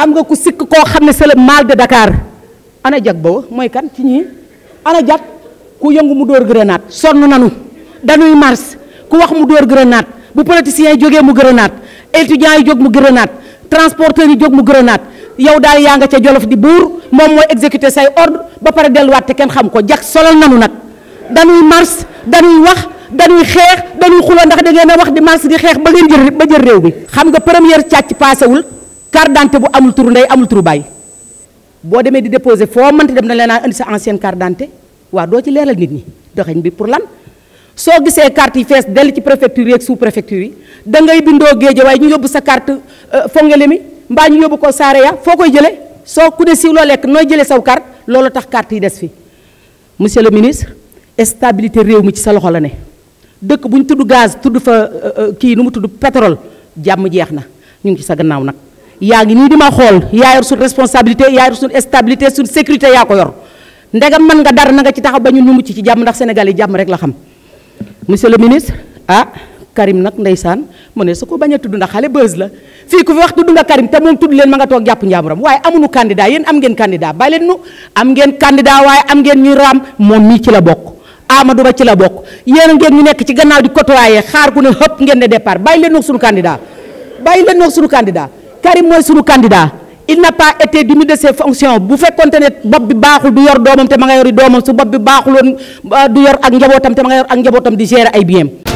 am nga ku sikk koo xam c'est mal de Dakar ana jag boobu mooy kan ci ñii ana jag ku yëngu mu dóor grenade sonn nanu dañuy mars ku wax mu dóor grenade bu politicien yi jógee mu grenade étudiant yi jóg mu grenade transporteur yi jóg mu grenade yow daal yaa nga ca jolof di buur moom mooy exécuter say ordre ba pare delluwaat te kenn xam ko jag solal nanu nag dañuy mars dañuy wax dañuy xeex dañuy xuloo ndax da ngeen a wax di mars di xeex ba ngeen jël ba jël réew bi xam nga première càcc wul carte d'identité bu amul turu ndey amul turu bay bo démé di déposer foo mënti dem na léna andi sa ancienne carte d'identité wa do ci léral nit ñi doxign bi pour lan so gisee carte yi fees dell ci préfecture yi sous préfecture yi da ngay bindo gédjé way ñu yobbu sa carte euh, fongele mi ñu yobbu ko saré ya koy ku dé lo jëlé saw carte lolo tax carte yi dess fi monsieur le ministre stabilité réew mi ci sa loxo la né dëkk buñ tuddu gaz tuddu fa euh, euh, ki nu mu pétrole jamm jeexna ñu ngi sa gannaaw nak yaa ngi nii di ma xool yaa yor responsabilité yaa yor suñ stabilité sun sécurité ya ko yor ndegam man nga dar na nga ci taxaw ba ñun ñu mucc ci jamm ndax Sénégal yi jamm rek la xam monsieur le ministre ah Karim nak ndeysaan mo ne suko baña tuddu ndax xalé bës la fi ku fi wax tuddu nga Karim te moom tuddu len ma nga tok japp njaamuram waye amuñu candidat yeen am ngeen candidat ba len nu am ngeen candidat waye am ngeen ñu ram mom mi ci la bok Amadou Ba ci la bok yeen ngeen ñu nekk ci gannaaw di côtoyer xaar ku ne hop ngeen ne départ bàyyi len nag suñu candidat bàyyi len nag suñu candidat Karim mooy sunu candidat il n'a pas été démis de ses fonctions bu fekkonte ne bopp bi baaxul du yor doomam te ma nga yori doomam su bopp bi baaxuloon euh, du yor ak njabootam te ma nga yor ak njabootam di gérer ay biem